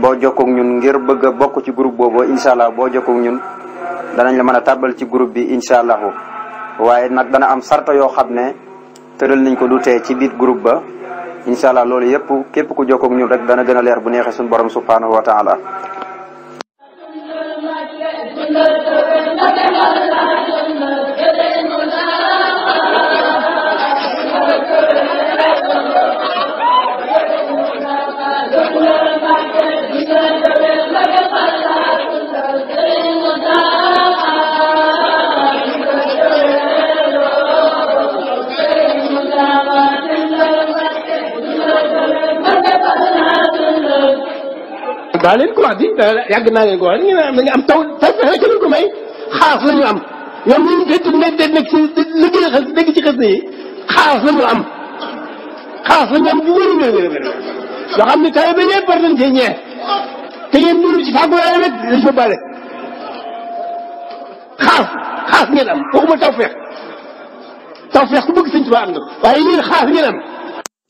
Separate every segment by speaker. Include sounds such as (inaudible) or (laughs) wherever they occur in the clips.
Speaker 1: boo jokkoog ñun ngir bëgg a bokk ci groupe boobu incha allah boo jokkoog ñun danañ la mën a tàbbal ci groupe bi incha allahu waaye nag dana am sarta yoo xam ne tëral nañ ko du tee ci biir groupe ba incha allah loolu yëpp képp ku jokkoog ñun rek dana gën a leer bu neexee suñu borom subhanahu wa taala daa leen wax di daa yàgg naa leen ko wax taw tawfeex rek may xaas la am ñoom ñu ngi nekk ci xas yi xaas la ñu am xaas la ñu am bu wér a wér a wér yoo xam ne tawee ba ñëpp war nañ cee ñeent te ngeen dund ci fàggu waaye rek dañ fa bale xaas ngeen am waxuma tawfeex tawfeex ku bëgg sëñ Tuubaa am na waaye yéen xaas ngeen am.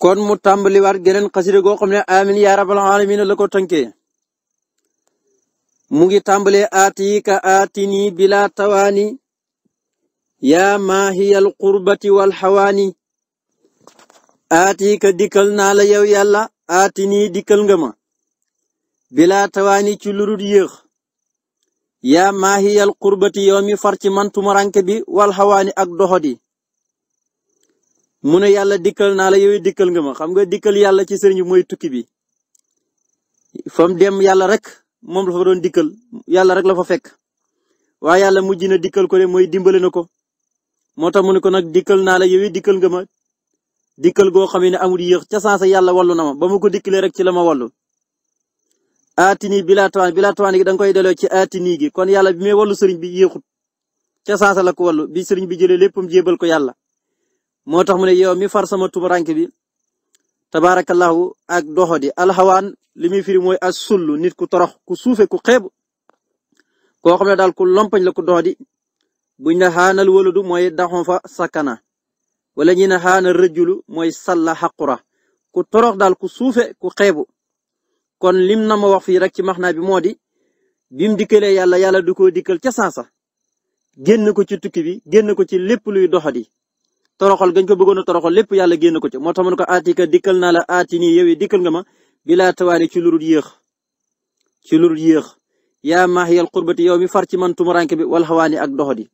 Speaker 1: kon mu tàmbaliwaat geneen xasida goo xam ne amin yaa rabbal alamin la ko mu ngi tàmbalee aatiika aatini bila tawaani yaa maahiyal qurbati wal xawaani aatiika dikkal naa la yow yàlla aatini dikkal nga ma bila tawaani ci lurut yéex yaa maahiyal qurbati yow mi far ci man bi wal xawaani ak doxodi mu ne yàlla dikkal naa la yow dikkal nga xam nga dikkal yàlla ci sëriñ moy mooy tukki bi fam dem yàlla rek moom la fa doon dikkal yàlla rek la fa fekk waaye yàlla mujj na dikkal ko de mooy dimbale na ko moo tax mu ne ko nag dikkal naa la yow dikkal nga ma dikkal goo xam ne amul yéex ca sansa yàlla wallu na ma ba ma ko dikkalee rek ci la ma wallu aatini bilaa tawaan bilaa tawaan gi da nga koy delloo ci aatini gi kon yàlla bi may wallu sëriñ bi yéexut ca sansa la ko wallu bi sëriñ bi jëlee léppam jébal ko yàlla moo tax mu ne yow mi far sama tumuranke bi tabaarakallaahu ak doxodi alxawaan li muy firi mooy as sull nit ku torox ku suufe ku xeebu koo xam ne daal ku lompañ la ku doxodi buñ ne xaanal waludu mooy daxon fa sakana wala ñi ne xaanal rëjulu mooy salla xaqura ku torox daal ku suufe ku xeebu kon lim na ma wax fii rek ci maxnaa bi moo di bim dikkalee yàlla yàlla du ko dikkal ca saasa génn ko ci tukki bi génn ko ci lépp luy doxadi toroxal gañ ko bëggoon a toroxal lépp yàlla génn ko ci moo tax mu ne ko aatika dikkal naa la aati nii yow dikkal nga ma bilaa tawaali ci lurut yéex ci lurut yéex yaa maahiyal xurbati yow mi far ci man tumuranke bi wal xawaani ak doxodi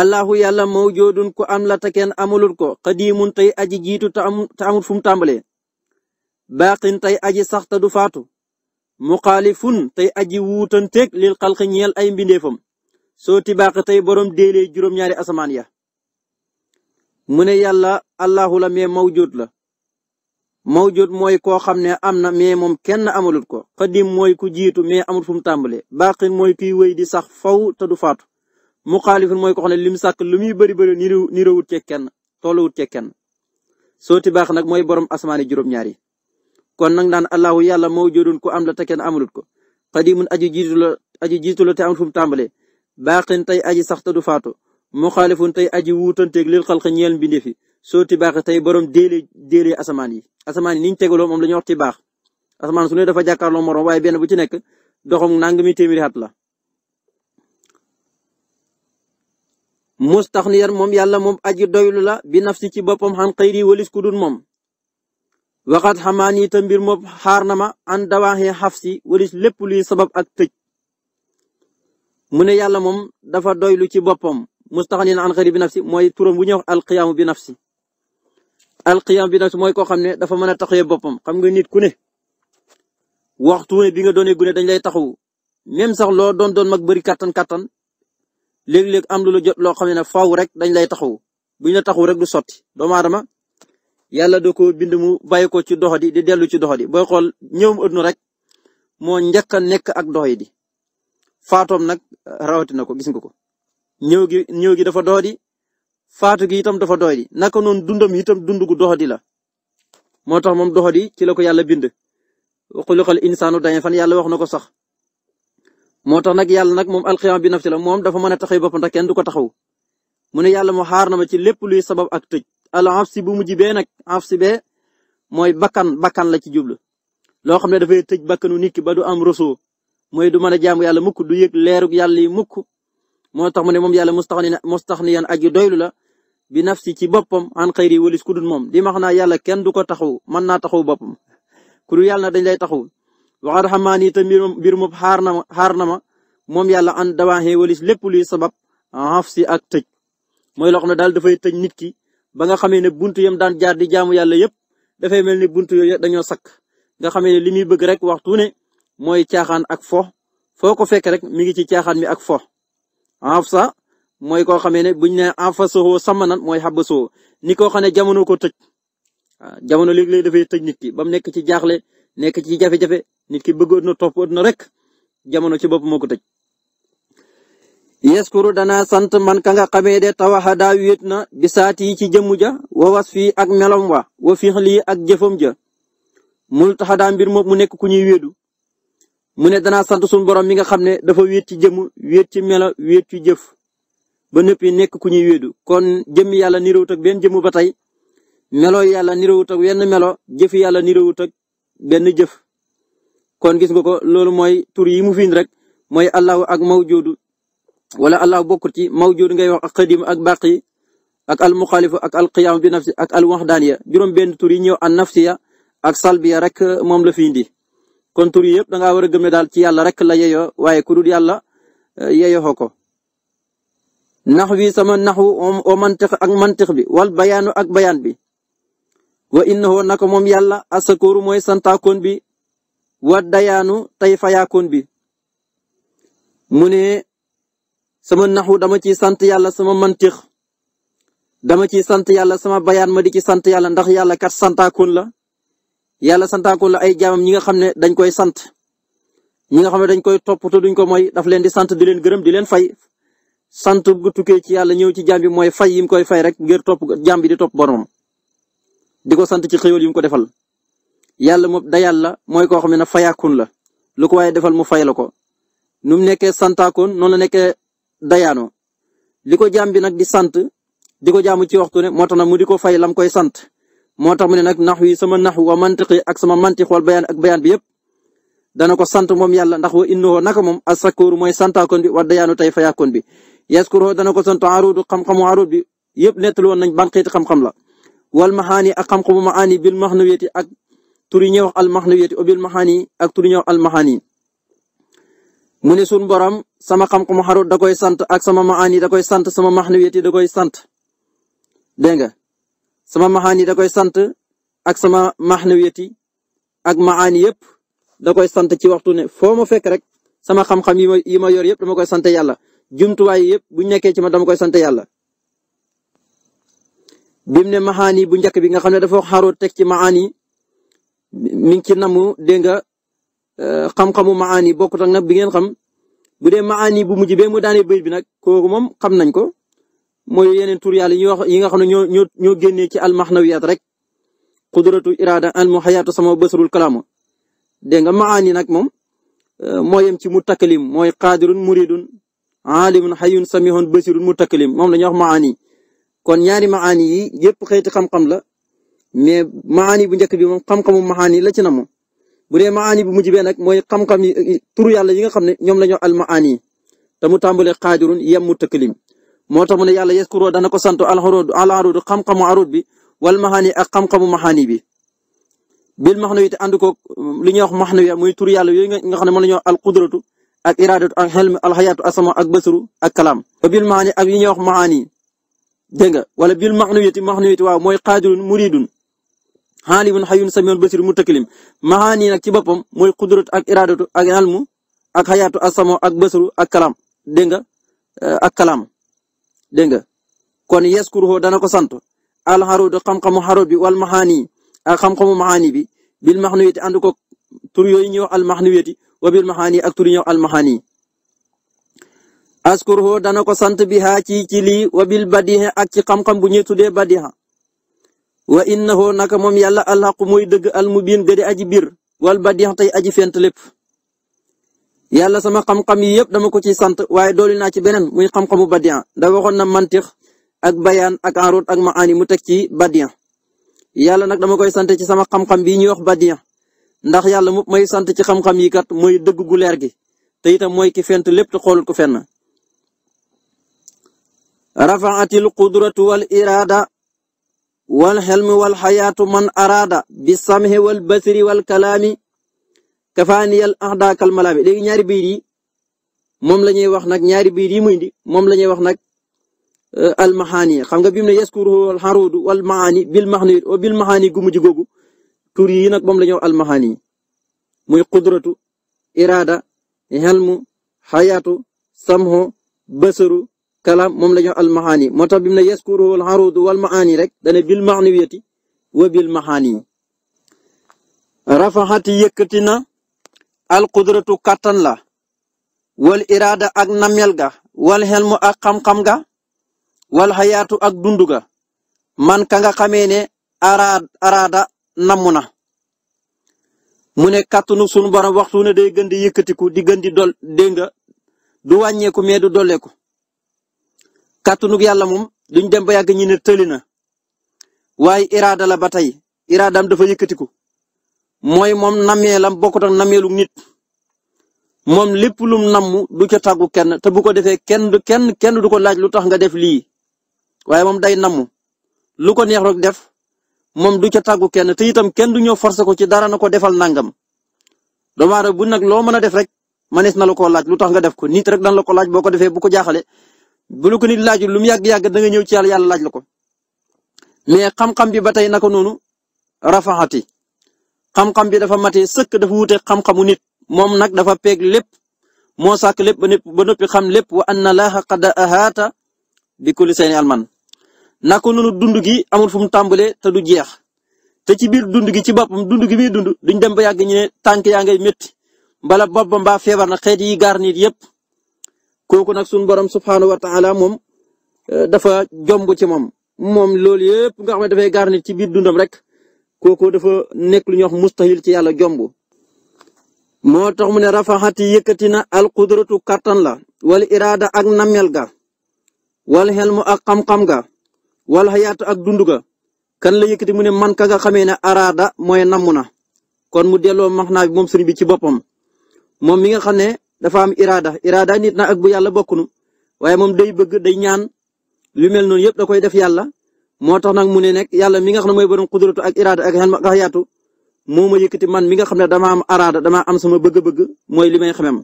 Speaker 1: allahu yàlla mawjoodun ko am la kenn amulul ko xadiimun tey aji jiitu te amul fu mu tàmbalee baaqin tey aji sax te du faatu muxaalifun tey aji wuutanteeg lil xalqi ay mbindeefam soo baax tey borom déelee juróom-ñaari mu ne yàlla allahu la mais mawjud la mawjud mooy koo xam ne am na mais moom kenn amalut ko xadim mooy ku jiitu mais amul fu mu tàmbalee baqin mooy kuy wéy di sax faw te du faatu muxaalifin mooy ko xam ne lim sàkk lu muy bari bëri niru nirawut cee kenn tolluwut cee kenn sooti baax nag mooy borom asmaani juróom-ñaar kon nag daan allahu yàlla mawjudun ku am la te kenn amalut ko xadimun aji jiitu la aji jiitu la te amul fu mu tàmbalee baqin tey aji sax te du faatu mu xaalifun tey aji wuutanteeg lil xalq ñeel mbindeef yi soo tibaax tey boroom déele déele asamaan yi asamaan yi ni ñu moom la ñuy wax tibaax asamaan su ne dafa jàkkaarloo morom waaye benn bu ci nekk doxam mi téeméeri at la. mustaxniyan moom yàlla moom aji doylu la bi nafsi ci boppam xan xëyri walis ku dul moom. waxaat xamaan yi te mbir moom xaar na ma an dawaaxi xaf si walis lépp luy sabab ak tëj. mu ne yàlla moom dafa doylu ci boppam. mustaxnin an xëri bi nafsi mooy turam bu ñuy wax alqiyaamu bi nafsi alqiyaam bi nafsi mooy koo xam ne dafa mën a taxawee boppam xam nga nit ku ne waxtu ne bi nga doonee gune dañ lay taxawu même sax loo doon doon mag bëri kattan kattan léeg-léeg am lu la jot loo xam ne faaw rek dañ lay taxawu bu ñu la taxawu rek du sotti doomu aadama yàlla da ko bind mu bàyyi ko ci doxadi di dellu ci doxadi booy xool ñëwum ëdduna rek moo njëkk a nekk ak doxadi faatoom nag rawatina ko gis nga ko. ñëw gi ñëw gi dafa doodi faatu gi itam dafa doodi naka noonu dundam itam dund gu doxadi la moo tax moom doxadi ci la ko yàlla bind xuliqal insaanu da'ifan yàlla wax na ko sax moo tax nag yàlla nag moom alxiyaam bi nafsi la moom dafa mën a taxaw boppam ndax kenn du ko taxaw mu ne yàlla mu xaar na ma ci lépp luy sabab ak tëj al afsi bu mujj bee nag si bee mooy bakkan bakkan la ci jubl loo xam ne dafay tëj bakkanu nit ba du am rosoo mooy du mën a jaamu yàlla mukk du yàlla yi moo tax mu ne moom yàlla mustaxniyan mustaxniyan aji doylu la bi nafsi ci boppam an xayri walis ku dul moom di max naa yàlla kenn du ko taxaw mën naa taxaw boppam (laughs) ku dul yàlla dañ lay taxaw waxaat xamaa ni te mbir mbir moom xaar na xaar na moom yàlla an dawaaxee walis lépp luy sabab xaf si ak tëj mooy loo xam ne daal dafay tëj nit ki ba nga xamee ne buntu yam daan jaar di jaamu yàlla yépp dafay mel ni buntu yooyu dañoo sakk nga xamee ne li muy bëgg rek waxtu ne mooy caaxaan ak fo foo ko fekk rek mi ngi ci caaxaan mi ak fo afsa mooy koo xamee ne buñ ne afasoo samanan mooy xabasoo ni koo xam ne ko tëj ah, jamono léeg-léeg dafay tëj nit ki ba mu nekk ci jaaxle nekk ci jafe-jafe nit ki bëggoon na toppoon na rek jamono ci bopp moo ko tëj. yeskuru dana sant man ka nga xamee de tawaxadaa yi ci jëmm ja wa was fii ak melom wa wa fiix lii ak jëfam ja mul taxadaa mbir moom mu nekk ku mu ne danaa sant suñu borom bi nga xam ne dafa wéet ci jëmm wéet ci melo wéet ci ba nëppi nekk ku ñuy wéedu kon jëmmi yàlla niroowut ak benn jëmm ba tey melo yàlla niroowut ak wenn melo jëfi yàlla niroowut ak benn jëf kon gis nga ko loolu mooy tur yi mu fiin rek mooy allahu ak mawjudu wala allahu bokkut ci mawjudu ngay wax ak xadim ak baqi ak al muxaalifu ak al qiyaam bi nafsi ak al waxdaaniya juróom benn tur yi ñëw an nafsiya ak salbiya rek moom la fi indi kon tur yëpp da ngaa war a gëm daal ci yàlla rek la yeyoo waaye ku dul yàlla eh, yeyoo ko. nax wi sama naxu o mantiq ak mantiq bi wal bayaanu ak bayan bi. wa innahu naka moom yàlla asakooru mooy santaakoon bi wa dayaanu tey fayaakoon bi. mu ne sama naxu dama ciy sant yàlla sama mantiq dama ciy sant yàlla sama bayaan ma di ci sant yàlla ndax yàlla kat santaakoon la. yàlla santaako la ay jaamam ñi nga xam ne dañ koy sant ñi nga xam ne dañ koy toppatoo duñ ko mooy daf leen di sant di leen gërëm di leen fay sant gu tukkee ci yàlla ñëw ci jaam bi mooy fay yim koy fay rek ngir topp jaam di topp boromam di ko sant ci xéwal yim ko defal yàlla moom da yàlla mooy koo xam ne na fayaakun la lu ko waaye defal mu fay la ko nu mu nekkee santaakoon noonu la nekkee dayaanoo li ko jaam bi nag di sant di ko jaamu ci waxtu ne moo tax nag mu di ko fay lam koy sant moo tax mu ne nag nax wi sama nax wa mantiqi ak sama mantiq wal bayaan ak bayaan bi yëpp dana ko sant moom yàlla ndax indi innahu naka moom asakuru mooy santaakoon bi wa dayaanu tey fayaakoon bi yaskuru dana ko sant arudu xam-xamu arud yëpp nettali woon nañ ban xeeti xam-xam la wal maxaani ak xam-xamu maxaani bil maxnawiyati ak turi ñuy wax al maxnawiyati bil maxaani ak turi ñuy wax al maxaani mu ne sun borom sama xam-xamu arud da koy sant ak sama maxaani da koy sant sama maxnawiyati da koy sant dégg sama maxaani da koy sant ak sama maxnawiyati ak maxaani yëpp da koy sant ci waxtu ne foo ma fekk rek sama xam-xam yi yi ma yor yëpp dama koy sant yàlla jumtuwaay yëpp bu nekkee ci ma dama koy sant yàlla. bim ne maxaani bu njëkk bi nga xam ne dafa xaaroo teg ci maxaani mi ngi ci namu dégg nga euh, xam-xamu maxaani bokkut ak nag bi ngeen xam bu dee maxaani bu mujj bee mu dane bëy bi nag kooku moom xam nañ ko. mooy yeneen tur yàlla yi wax yi nga xam ne ñoo ñoo ñoo génnee ci almaxnawiyat rek qudratu irada almu xayaatu sama basarul kalaama dégg nga maani nag moom euh, moo yem ci mutakalim mooy qaadirun muridun aalimun xayun samihun basirun mutakalim moom la ñuy wax maani kon ñaari maani yi yëpp xeeti xam-xam la mais maani bu njëkk bi moom xam-xamu maani la ci na moom bu dee maani bu mujj bee nag mooy xam-xam yi turu yàlla yi nga xam ne ñoom la ñu almaani te mu tàmbalee qaadirun yem mutakalim moo tax mu ne yàlla yeskuroo dana ko sant alxaruud alaruud xam-xamu aruud bi wal maxaani ak xam-xamu maxaani bi bil maxna wi te ànd ko li ñuy wax maxna wi muy tur yàlla yooyu nga xam ne moom la ñuy wax alqudratu ak iradatu ak xelmi alxayaatu asama ak basaru ak kalaam bil maxaani ak yi ñuy wax maxaani dégg nga wala bil maxna wi ti maxna wi ti waaw mooy qaadirun muridun xaalimun xayun samiun basir mutakallim maxaani nag ci boppam mooy qudratu ak iradatu ak xelmu ak xayaatu asama ak basaru ak kalaam dégg nga eh, ak kalaam dégg nga kon yaskuruhu dana ko sant alxaruudu xam-xamu xaruut bi wal maxaani ak xam-xamu maxaani bi bil maxnuyati ànd ko tur yooyu ñuy wax al maxnuyati wa bil maxaani ak tur yi ñuy wax al maxaani dana ko sant bi ha ci ci lii wa bil badiha ak ci xam-xam bu ñuy tuddee badiha wa innahu naka moom yàlla alxaqu muy dëgg al mubiin gëdi aji biir wal badiha tey aji fent lépp yalla sama xam-xam yi yëpp dama ko ciy sant waaye dooli naa ci beneen muy xam-xamu badian da waxoon na mantix ak bayaan ak arut ak maani mu teg ci badian yàlla nag dama koy sant ci sama xam-xam bii ñuy wax badian ndax yàlla mu may sant ci xam-xam yi kat mooy dëgg gu leer gi te itam mooy ki fent lépp te ko fenn rafaatil qudratu wal irada wal xelmi wal xayaatu man araada bi samhi wal basri wal kalaami kafaaniyal axdaakal malaabi léegi ñaari biir yi moom la ñuy wax nag ñaari biir yi muy indi moom la ñuy wax nag euh, almaxaani xam nga bi mu ne yaskuruhu alxaruudu wal maani bil maxni o bil maxaani gu mujj googu tur yi nag moom la ñuy wax muy qudratu iraada xelmu xayaatu samxo basaru kalaam moom la ñuy wax almaxaani moo tax bi mu ne wal maani rek dana bil maxniyati wa bil maxaani rafaxati yëkkati alqudratu kàttan la wal iraada ak namel ga wal xelmu ak xam-xam ga wal xayaatu ak dund ga man ka nga xamee ne araad araada namm na mu ne sunu borom waxtu ne day di yëkkatiku di gën di dol dégg du wàññeeku mais du dolleeku kàttanug yàlla moom duñ dem ba yàgg ñi ne tëli na waaye iraada la ba tey iraadaam dafa yëkkatiku mooy moom nameelam bokkut ak nameelu nit moom lépp lum namm du ca tàggu kenn te bu ko defee kenn kenn kenn du ko laaj lu tax nga def lii waaye moom day namm lu ko neex rek def moom du ca tàggu kenn te itam kenn du ñëw forcer ko ci dara na ko defal nangam doomu aadama bu nag loo mën a def rek manees na la koo laaj lu tax nga def ko nit rek dan la ko laaj boo ko defee bu ko jaaxale bu lu ko nit laajul lu mu yàgg-yàgg da ñëw ci yàlla yàlla laaj la ko mais xam-xam bi ba tey naka noonu rafaxati xam-xam bi dafa matee sëkk dafa wute xam-xamu nit moom nag dafa peeg lépp moo sàkk lépp ba ba noppi xam lépp wa anna laaha qad ahaata bi kulli shay'in ilman naka noonu dund gi amul fu mu tàmbalee te du jeex te ci biir dund gi ci boppam dund gi muy dund duñ dem ba yàgg ñu ne tànk yaa ngay métti mbala bopp ba mbaa feebar na xeet yi gaar nit yépp kooku nag suñu borom subhaanahu wa taala moom eh, dafa jomb ci moom moom loolu yépp nga xam ne dafay gaar ci biir dundam rek. kooku dafa nekk lu ñuy wax mustahil ci yàlla jomb moo tax mu ne rafaxati yëkkati na alqudratu kàttan la wala iraada ak namel ga wala xelmu ak xam-xam ga wala xayaatu ak dund ga kan la yëkkati mu ne man ka nga xamee ne araada mooy namm na kon mu delloo max naa bi moom sëriñ bi ci boppam moom mi nga xam ne dafa am iraada iraada nit na ak bu yàlla bokkunu waaye moom day bëgg day ñaan lu mel noonu yëpp da koy def yàlla moo tax nag mu ne nag yàlla mi nga xam ne mooy borom xudratu ak iraada ak xel ma yaatu moo ma yëkkati man mi nga xam ne dama am araada dama am sama bëgg-bëgg mooy li may xamem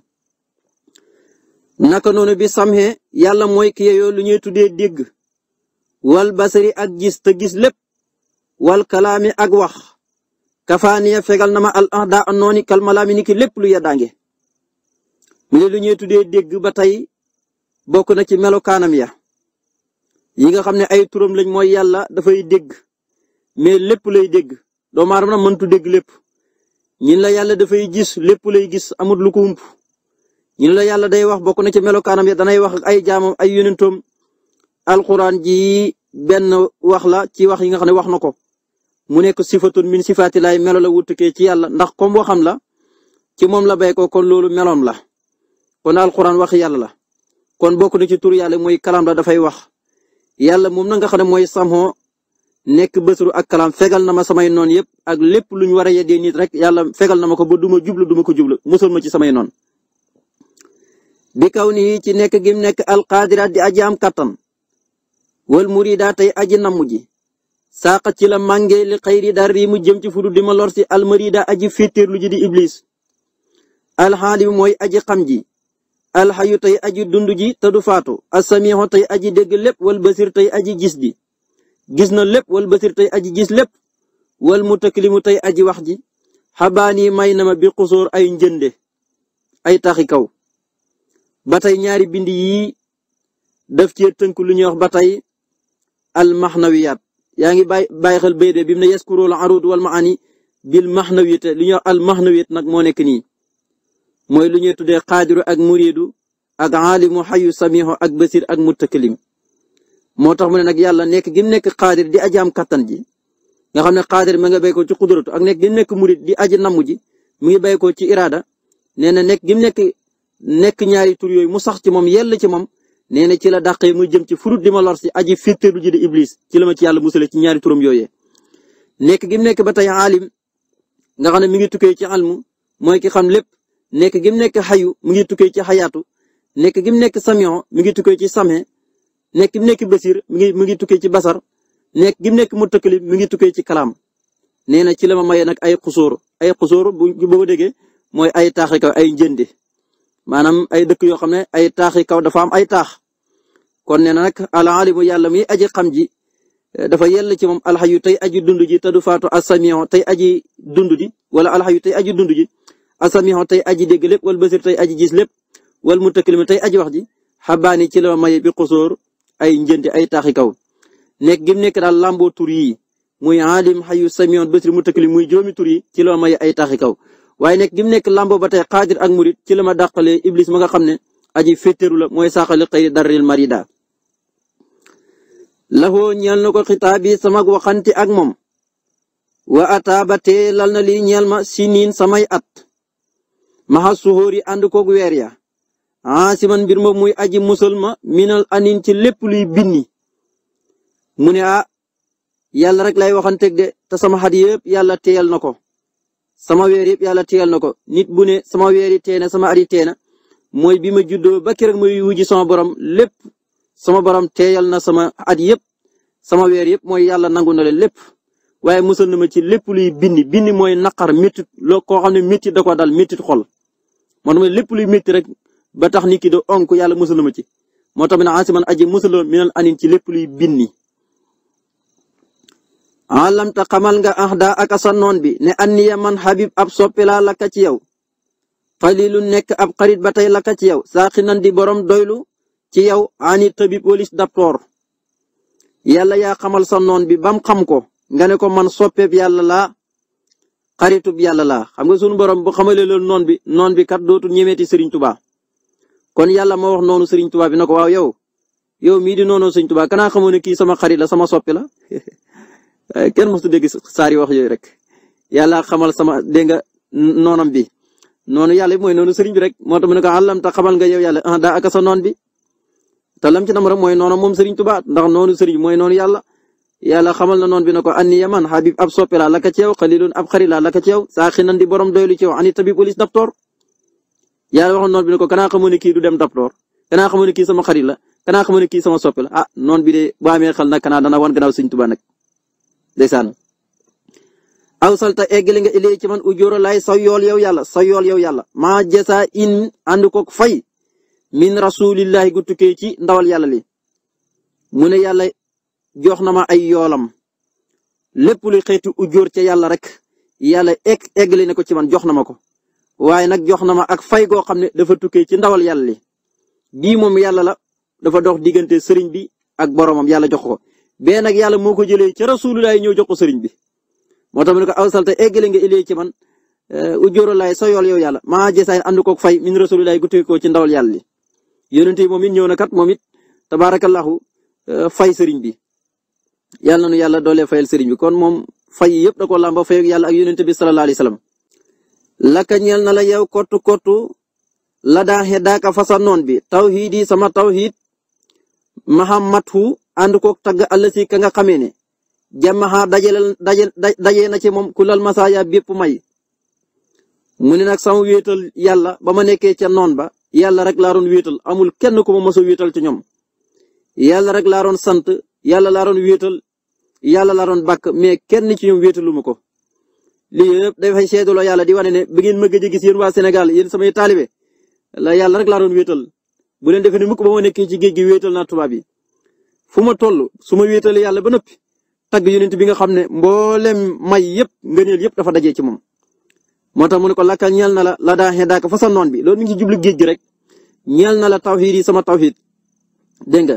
Speaker 1: naka noonu bi samxee yàlla mooy ki yeyoo lu ñuy tuddee dégg wal basari ak gis te gis lépp wal kalaami ak wax kafaaniya fegal na ma al ahda annooni kal malaami ni lépp lu yeddaange mu ne lu ñuy tuddee dégg ba tey bokk na ci melokaanam ya yi nga xam ne ay turam lañ mooy yàlla dafay dégg mais lépp lay dégg doomu aadama mantu mëntu dégg lépp ñin la yàlla dafay gis lépp lay gis amut lu ko ump ñin la yàlla day wax bokk na ci melokaanam yi danay wax ak ay jaamam ay yonentoom alxuraan ji benn wax la ci wax yi nga xam ne wax na ko mu nekk sifatun min sifaati laay melo la wutukee ci yàlla ndax comme waxam la ci moom la bay ko kon loolu meloom la kon alquran wax yàlla la kon bokk na ci tur yàlla mooy kalam dafay wax yàlla moom na nga xam ne mooy samxoo nekk bësru ak kalaam fegal na ma samay noon yëpp ak lépp lu ñu war a yeddee nit rek yàlla fegal na ma ko ba duma ma jublu du ko jublu musul ma ci samay noon bi kaw nii ci nekk gim nekk alqaadira di aji am kattan wal murida tey aji namm ji saaqa ci la mànge li xayri dar yi mu jëm ci fudu di ma lor si almarida aji lu ji di iblis alxaali bi mooy aji xam ji alxayu tey aji dund ji te du faatu asamiixu tey aji dégg lépp wal basir tey aji gis ji gis na lépp wal basir tey aji gis lépp wal mutakallimu tey aji wax ji xabaani may na ma bi xusóor ay njënde ay taxi kaw ba tey ñaari bind yii daf cee tënk lu ñuy wax ba tey almaxnawiyaat yaa ngi bàyyi bàyyi xel bayde bi mu ne yaskurul arud wal maani bil maxnawiyate lu ñuy wax almaxnawiyat nag moo nekk nii mooy lu ñuy tuddee xaadiru ak muridu ak aalimu xayu samiho ak basir ak muttakalim moo tax mu ne nag yàlla nekk gi nekk xaadir di aji am kattan ji nga xam ne xaadir ma nga béy ci xudratu ak nekk gi nekk murid di aji namm ji mu ngi béy ko ci iraada nee na nekk gi nekk nekk ñaari tur yooyu mu sax ci moom yell ci moom nee na ci la dàqee muy jëm ci furut di ma lor si aji féttéelu ji di iblis ci la ma ci yàlla musale ci ñaari turam yooyee nekk gi nekk ba tey aalim nga xam ne mu ngi tukkee ci almu mooy ki xam lépp nekk gim nekk xayu mu ngi tukkee ci xayaatu nekk gim nekk samion mu ngi tukkee ci same nekk gim nekk basir mu ngi mu ngi tukkee ci basar nekk gim nekk mu tëkkali mu ngi tukkee ci kalaam nee na ci la ma maye nag ay xusóor ay xusóor bu boo déggee mooy ay taaxi kaw ay njëndi maanaam ay dëkk yoo xam ne ay taaxi kaw dafa am ay taax kon nee na nag al alimu yàlla mi aji xam ji eh, dafa yell ci moom alxayu tey aji dund ji te du faatu asamion tey aji dund ji wala alxayu tey aji dund ji asamiho tey aji dégg lépp wal basir tey aji gis lépp wal mutakallim tey aji wax ji xabaani ci la maye bi xosóor ay njënd ay taaxi kaw nekk gim nekk daal làmboo tur yi muy alim xayu samion basir mutakallim muy juróomi tur yi ci la maye ay taaxi kaw waaye nekk gim nekk làmboo ba tey xaadir ak murit ci la ma dàqalee iblis ma nga xam ne aji féeteeru la mooy saaxali xëy darril marida laxoo ñeel na ko xitaab yi samag waxante ak moom wa ataaba tee lal na at maxa suhóor yi ànd koog weer ya ah si man mbir moom muy aji ma minal anin ci lépp luy binni mu ne ah yàlla rek lay waxanteeg de te sama xat yëpp yàlla teyal na ko sama weer yëpp yàlla teyal na ko nit bu ne sama weer yi tee na sama at yi na mooy bi ma juddoo ba keroog muy wuji sama borom lépp sama borom teeyal na sama at yëpp sama weer yëpp mooy yàlla nangu na leen lépp waaye musal na ma ci lépp luy binni binni mooy naqar métit loo koo xam ne métit da ko dal métit xol moo tax lépp luy métti rek ba tax nit ki do onk yàlla musal na ma ci moo tax ne asiman aji musal mi nal anin ci lépp luy binni alamta xamal nga axda ak sa noon bi ne anniya man habib ab soppi laa lakka ci yow xalilu nekk ab xarit ba tey lakka ci yow saaxinan di borom doylu ci yow ani tabib walis daptoor yàlla yaa xamal sa noon bi bam xam ko nga ne ko man soppeeb yàlla laa xaritub yàlla laa xam nga sunu borom bu xamale loolu noon bi noon bi kat dootul ñemeeti Serigne Touba kon yàlla moo wax noonu Serigne Touba bi na ko waaw yow yow mii di noonu Serigne Touba kanaa xamoon ne kii sama xarit la sama soppi la (laughs) kenn mosu dégg saari wax yooyu rek yàlla xamal sama dégg nga noonam bi noonu yàlla mooy noonu Serigne bi rek moo tax mu ne ko àllam ta xamal nga yow yàlla ah daa ak sa bi te lam ci nam rek mooy noonam moom Serigne yàlla xamal na noon bi ne ko anni yaman habib ab soppe laa laka ci yow xalilun ab xari laa laka ci yow saaxinan di borom doylu ci yow ani tabib walis daftoor yàlla waxoon noon bi ne ko kanaa xamoon ne kii du dem daftoor kanaa xamoon ne sama xari la kanaa xamoon ne kii sama soppe la ah noon bi de bu amee xel dana wan gannaaw sëñ Tuubaa nag ndeysaan aw salta nga illee ci man ujóora laay sa yool yow yàlla sa yool yow yàlla maa jasa in ànd ko fay min rasulillahi gu tukkee ci ndawal yàlla li jox na ma ay yoolam lépp luy xeetu ujóor ca yàlla rek yàlla egg eggale na ko ci man jox na ma ko waaye nag jox na ma ak fay goo xam ne dafa tukkee ci ndawal yàlla li bii moom yàlla la dafa dox diggante sëriñ bi ak boromam yàlla jox ko bee nag yàlla moo ko jëlee ca rasulullah ñëw jox ko sëriñ bi moo tax mu ne ko awsalta eggale nga ilee ci man eh, ujóoru laay soo yool yow yàlla maa jesaay ànd koog fay min rasulullah gu tukkee ko ci ndawal yàlla li yonente yi moom it ñëw na kat moom it tabaarakallahu eh, fay sëriñ bi yàlla na nu yàlla doolee fayal sëriñ bi kon moom fay yëpp da ko làmba fay ak yàlla ak yonent bi sallallahu alayhi wasallam laka ñeel na la yow kottu kottu la daa xeddaaka fasa noon bi tawxiid yi sama tawxiid mahamatu ànd kook tagg àll ka nga xamee ne jamaha dajelal daje daje na ci moom lal masaaya bépp may mu ne nag sama wéetal yàlla ba ma nekkee ca noon ba yàlla rek laa doon wéetal amul kenn ku ma mos a ci ñoom yàlla rek laa doon sant yàlla laa doon wéetal yàlla laa doon bàkk mais kenn ci ñoom wéetaluma ko. lii yëpp dafay seedaloo yàlla di wane ne bi ngeen ma gëj a gis yéen waa Sénégal yéen samay taalibe la yàlla rek laa doon wéetal bu leen defee ne mukk ba ma nekkee ci géej gi wéetal naa tubaab yi. fu ma toll su ma wéetalee yàlla ba noppi tagg yonent bi nga xam ne mboolem may yëpp ngëneel yëpp dafa dajee ci moom. moo tax mu ne ko lakkal ñeel na la la daa xedaaka fa sa noon bi loolu mi ngi ci jublu géej gi rek ñeel na la tawxiid yi sama tawxiid dégg nga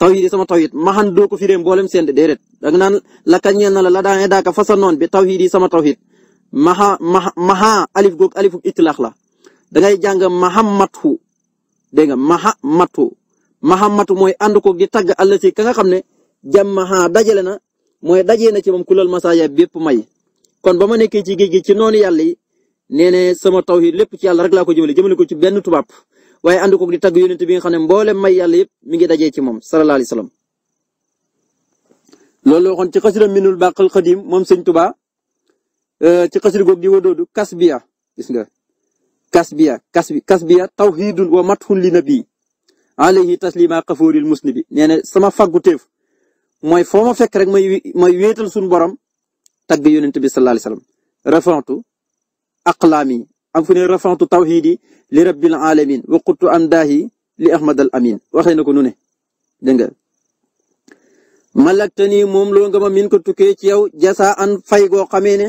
Speaker 1: taw tawhid sama tawhid maxan doo ko firee mboolem seen de déedéet naan la ka na la la daan daaka fasa noon bi taw tawhid sama tawhid maxa maxa maxa alif goog alifu itlaax la da ngay jàng mahamatu dégg nga mahamatu mahamatu mooy ànd ko gi tagg àll ci ka nga xam ne jàmmaha dajale na mooy dajee na ci moom kulal masaaya bépp may. kon ba ma nekkee ci géej gi ci noonu yàlla yi nee ne sama tawhid lépp ci yàlla rek laa ko jëmale jëmale ko ci benn tubaab. waaye ànd koog di tagg yonent bi nga xam ne mboolem may yàlla yëpp mi ngi dajee ci moom sallallahu alayhi wa sallam. loolu la waxoon ci xasida minul baqal xadim moom sëñ Tuubaa euh, ci xasida googu di wadoodu kasbiya gis nga kasbiya kasbi kasbiya tawhidun wa mathun li nabi alayhi taslima xafooril musnibi nee na sama faggu teef mooy foo ma fekk rek may may wéetal suñu borom tagg yonent bi sallallahu alayhi wa sallam rafantu am fu ne rafantu tawxiidi li rabbil alamin waquttu am daahi li ahmad al amin waxee na ko nu ne dégg nga malakta nii moom loo nga ma min ko tukkee ci yow jasaa an fay goo xamee ne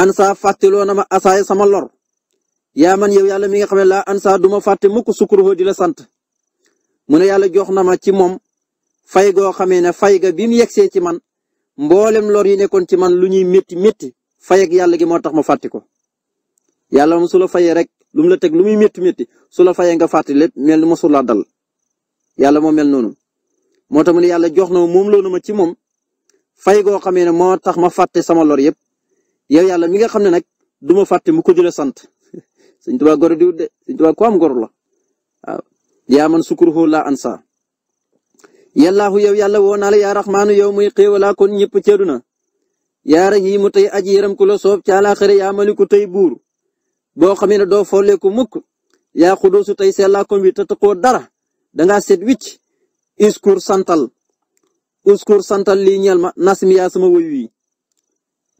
Speaker 1: an saa fàttiloo na ma asaay sama lor yaa man yow yàlla mi nga xam ne laa an saa du ma fàtte mukk sukkuruhoo di la sant mu ne yàlla jox na ma ci moom fay goo xamee ne fay ga bi mu yegsee ci man mboolem lor yi nekkoon ci man lu ñuy métti métti fay ak yàlla gi moo tax ma fàtti ko yàlla moom su la fayee rek lu mu la teg lu muy métti métti su la fayee nga fàttali lépp mel ni mosul laa dal yàlla moo mel noonu. moo tax ma yàlla jox na moom loonu ma ci moom fay goo xamee ne moo tax ma fàtte sama lor yëpp yàlla mi nga xam ne nag du ma fàtte mu ko jëlee sant (laughs) Sëñ Tuubaa goro diwut de Sëñ Tuubaa ko am goro la waaw. yaa man sukuruhu laa ansa yàllaahu yow yàlla woo naa la yaa raxmaanu yow muy xéewalaa kon ñëpp cëdu na. yaa mu tey aji yërëm ku la soob yaa maliku tey buur boo xamee ne doo fooleeku mukk yaa xudoosu tey sellaa ko bi te taqoo dara dangaa set wicc iskur santal uskur santal lii ñeel ma nas mi yaa sama woyu yi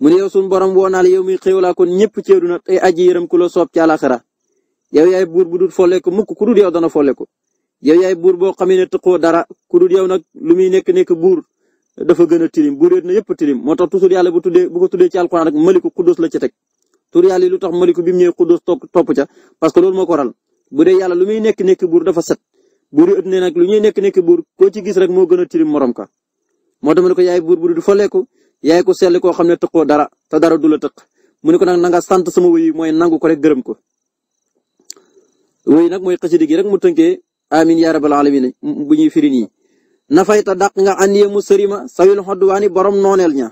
Speaker 1: mu ne yow sunu borom woo naa la yow muy xéewlaa kon ñëpp ci àddina tey aji yërëm kulo la soob ci àlaxira yow yaay buur bu dul fooleeku mukk ku dul yow dana fooleeku yow yaay buur boo xamee ne taqoo dara ku dul yow nag lu muy nekk nekk buur dafa gën a tilim buureet na yëpp tilim moo tax toujours yàlla bu tuddee bu ko tuddee maliku kuddus la ci teg tur yàlla lu tax maliku bi mu ñëwee xudus topp ca parce que loolu moo ko waral bu dee yàlla lu muy nekk nekk buur dafa set buur yi ëtt nag lu ñuy nekk nekk buur koo ci gis rek moo gën a tilim morom ka moo tax mu ne ko yaay buur bu du foleeku yaay ko sell koo xam ne tëqoo dara te dara du la tëq mu ne ko nag na nga sant sama wuyu mooy nangu ko rek gërëm ko. wuyu nag mooy xasida gi rek mu tënkee amin yaa rabbal alamin bu ñuy firi nii nafayta dàq nga an yemu sërima sawil xodduwaani borom nooneel ña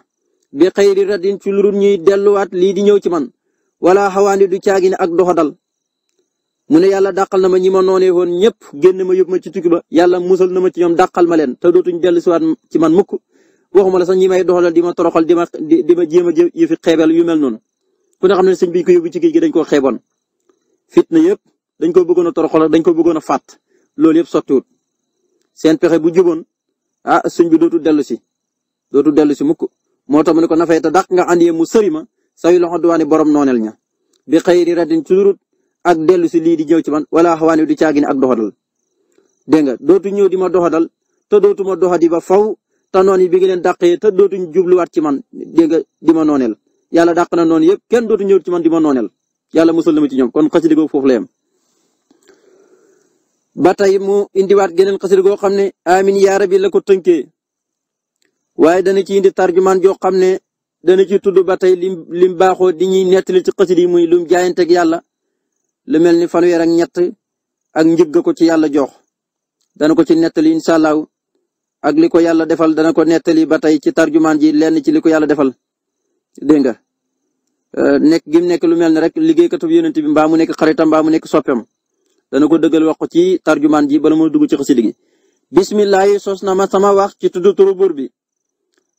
Speaker 1: bi xëyri radin ci lu ñuy delluwaat lii di ñëw ci man wala xawaani du caagin ak doxadal mu ne yàlla dàqal na ma ñi ma noonee woon ñëpp génn ma yóbbu ma ci tukki ba yàlla musal na ma ci ñoom dàqal ma leen te dootuñ dellu si waat ci man mukk waxuma la sax ñi may doxalal di ma toroxal di ma di ma jéem a yëfi xeebel yu mel noonu ku ne xam ne sëñ bi ko yóbbu ci géej gi dañ koo xeeboon fitna yëpp dañ koo bëggoon a toroxal dañ ko bëggoon a fàtt loolu yëpp sottiwut seen pexe bu juboon ah sëñ bi dootu dellu si dootu dellu si mukk moo tax mu ne na fay te nga andi mu sëri ma say loxo duwaani borom nooneel ña bi xëyri radin ci lurut ak dellu si lii di ñëw ci man wala xawaani du caagin ak doxadal dégg nga dootu ñëw di ma doxadal te dootuma di ba faw te noon yi bi nga leen dàqee te dootuñ jubluwaat ci man dégg di ma nooneel yàlla dàq na noon yëpp kenn dootu ñëw ci man di ma nooneel yàlla musal na ma ci ñoom kon xasida googu foofu la yem ba tey mu indiwaat geneen xasida goo xam ne amin yaa rabbi la ko tënkee waaye dana xam ne dana ci tudd ba tey li lim baaxoo di ñuy nettali ci xasida yi muy lum jaayanteeg yàlla lu mel ni fanweer ak ñett ak njëgg ko ci yàlla jox dana ko ci nettali incha allah ak li ko yàlla defal dana ko nettali ba tey ci tarjumaan ji lenn ci liko ko yàlla defal dégg nga euh, nekk gi nekk lu mel ne rek liggéeykatub yonent bi mbaa mu nekk xaritam mba mu nekk soppeem dana ko dëggal wax ko ci tarjumaan ji bala moo dugg ci xasida gi bismillah ma sama wax ci tudd turu bi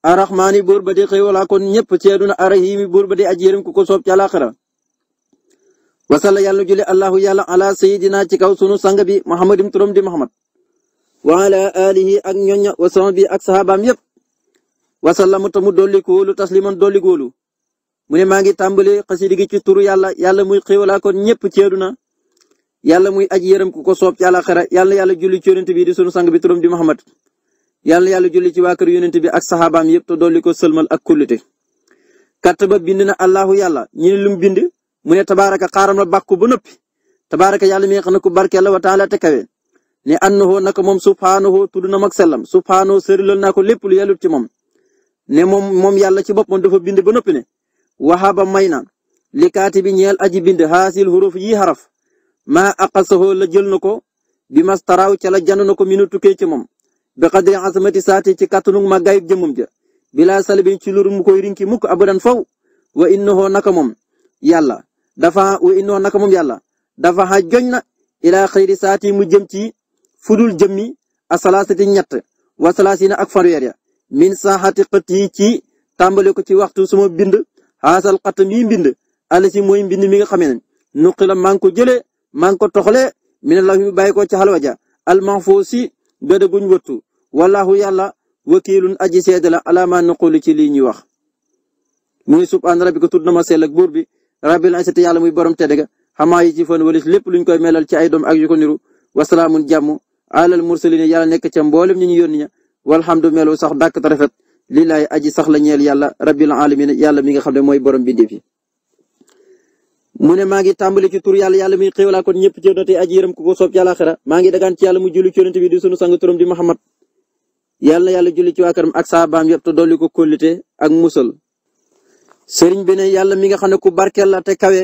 Speaker 1: arrahmaani buur ba di xéewal kon ñëpp ci àdduna arrahiimi buur ba di aji yërëm ku ko soob ci àllaaxira wasalla yàlla julli allahu yàlla ala sayidina ci kaw sunu sang bi muhammadim turam di muhammad wa ala ak ñoña wa sama bi ak sahabaam yëpp wasallamu tamu dolli koolu tasliman dolli góolu mu ne maa ngi tàmbali xasidi gi ci turu yàlla yàlla muy xéewal kon ñëpp ci àdduna yàlla muy aji yërëm ku ko soob ci àllaaxira yàlla julli ci yonent bi di sunu sang bi turam di muhammad yàlla yàlla julli ci waa kër yonent bi ak saxaabaam yëpp te dolli ko sëlmal ak kullite kataba bind na allahu yàlla ñu lu mu bind mu ne tabaaraka xaaram la bàkku ba noppi tabaaraka yàlla mi xam ne ku barkeel la wa taala te kawe ne annahu naka moom subhaanahu tudd na mag sellam subhaanahu sërilal naa ko lépp lu yellut ci moom ne moom moom yàlla ci boppam dafa bind ba noppi ne waxaaba may na li kaati bi ñeel aji bind xaasil xuruf yi xaraf maa aqasahu la jël na ko bi mastaraaw ca la jand na ko minu tukkee ci moom bi qadri saati ci kàttanu màggaay jëmmam ja bilaa salbi ci lur mu koy rinki mukk abadan faw wa innahu naka yàlla dafa wa innahu naka moom yàlla dafa xaj joñ na ilaa xayri saati mu jëm ci fu fudul jëmmi asalaasati ñett wa salaasina ak fanweer ya min saaxati xët yi ci tàmbale ko ci waxtu suma bind xaasal xat mi mbind si mooy mbind mi nga xamee ne nuqi la maa ngi ko jëlee maa ngi ko toxalee min la ñu bàyyi ko ci gëdd buñ wëttu wallaahu yàlla wakiilun aji seede la alaamaa naqulu ci lii ñu wax. mu ne subhaana ko tudd na ma sell ak buur bi rabbil izzati yàlla muy borom tedd ga xamaa yi ci fan walis lépp luñ koy melal ci ay doom ak yu ko niru wasalaamun jàmm alal mursalin yàlla nekk ca mboole ñi ñu yónni ña walhamdu melu sax dàkk te rafet lillaahi aji sax la ñeel yàlla rabbil alamin yàlla mi nga xam ne mooy borom bindéef yi mu ne maa ngi tàmbali ci tur yàlla yàlla muy xéewalaa kon ñëpp ci doote aji yërëm ku ko soob ci àlaxira maa ngi dagaan ci yàlla mu julli ci yonent bi di sunu sang turam di Muhammad yàlla na yàlla julli ci waa këram ak saabaam yëpp te dolli ko kóllite ak musal sëriñ bi ne yàlla mi nga xam ne ku barkeel la te kawe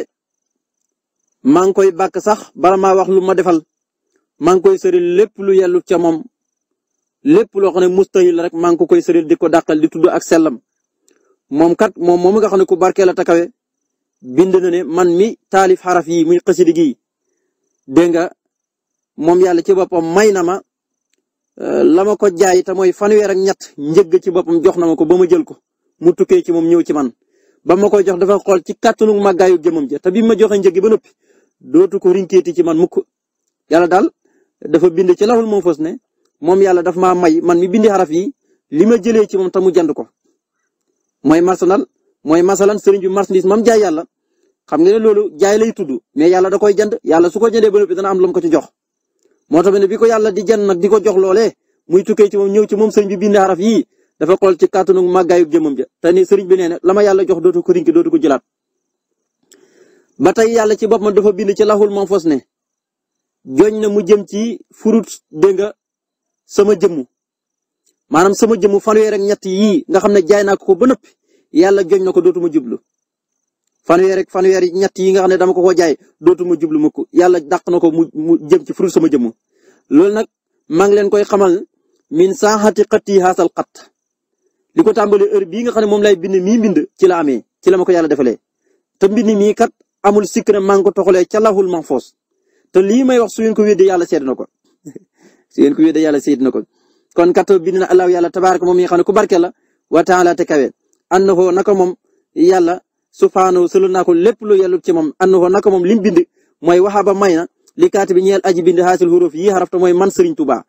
Speaker 1: maa ngi koy bàkk sax bala maa wax lu ma defal maa ngi koy sëril lépp lu yellu ca moom loo xam ne mustahil la rek maa ngi ko koy sëril di ko dàqal di tudd ak sellam moom kat moom moom nga xam ne ku barkeel ta te bind na ne man mi taalif xaraf yi muy xasida gi dégg nga moom yàlla ci boppam may na ma euh, la ma ko jaay te mooy fanweer ak ñett njëgg ci boppam jox na ko ba ma jël ko mu tukkee ci moom ñëw ci man ba ma koy jox dafa xool ci kàttanu màggaayu jëmam ja te bi ma joxe njëgg ba noppi dootu ko rinkeeti ci man mukk yàlla daal dafa bind ci lawul moom fos ne moom yàlla daf ma may man mi bindi xaraf yi li ma jëlee ci moom te mu jënd ko mooy masanal mooy masalan sëriñ bi marchandise mam jaay yàlla xam nga ne loolu jaay lay tudd mais yàlla da koy jënd yàlla su ko jëndee ba noppi dana am lu ci jox. moo tax ne bi ko yalla di jënd nag di ko jox loolee muy tukkee ci moom ñëw ci moom sëriñ bi bind xaraf yii dafa xool ci kàttanu màggaayu jëmmam ja te ni sëriñ bi nee na la ma yàlla jox dootu ko rinki dootu ko jëlaat. ba tey yàlla ci boppam dafa bind ci laxul manfos ne joñ na mu jëm ci furut dégg nga sama jëmm maanaam sama jëmm fanweer ak ñett yii nga xam ne jaay naa ko ba noppi yàlla joñ na ko dootuma jublu fanweer rek fanweer ñett yi nga xam ne dama ko ko jaay dootuma jublu mukk yàlla dàq na ko mu mu jëm ci furu sama jëmm loolu nag maa ngi leen koy xamal min saaxati xatti xaasal xat li ko tàmbalee heure bii nga xam ne moom lay bind mi bind ci la amee ci la ma ko yàlla defalee te mbind mii kat amul sikk ne maa ngi ko toxalee ca lahul mahfuz te lii may wax su ngeen ko wéddee yàlla seet na ko (laughs) su ngeen ko wéddee yàlla seet na ko kon kat bind na allahu yàlla tabaaraka moom mi nga xam ne ku barke la wa te kawe annahu naka moom yàlla subhaanahu sulul naa lépp lu yellu ci moom annahu naka moom lim bind mooy waxaaba may na li kaati bi ñeel aji bind xaasil xuruuf yi xarafta mooy man Sëriñ Tuubaa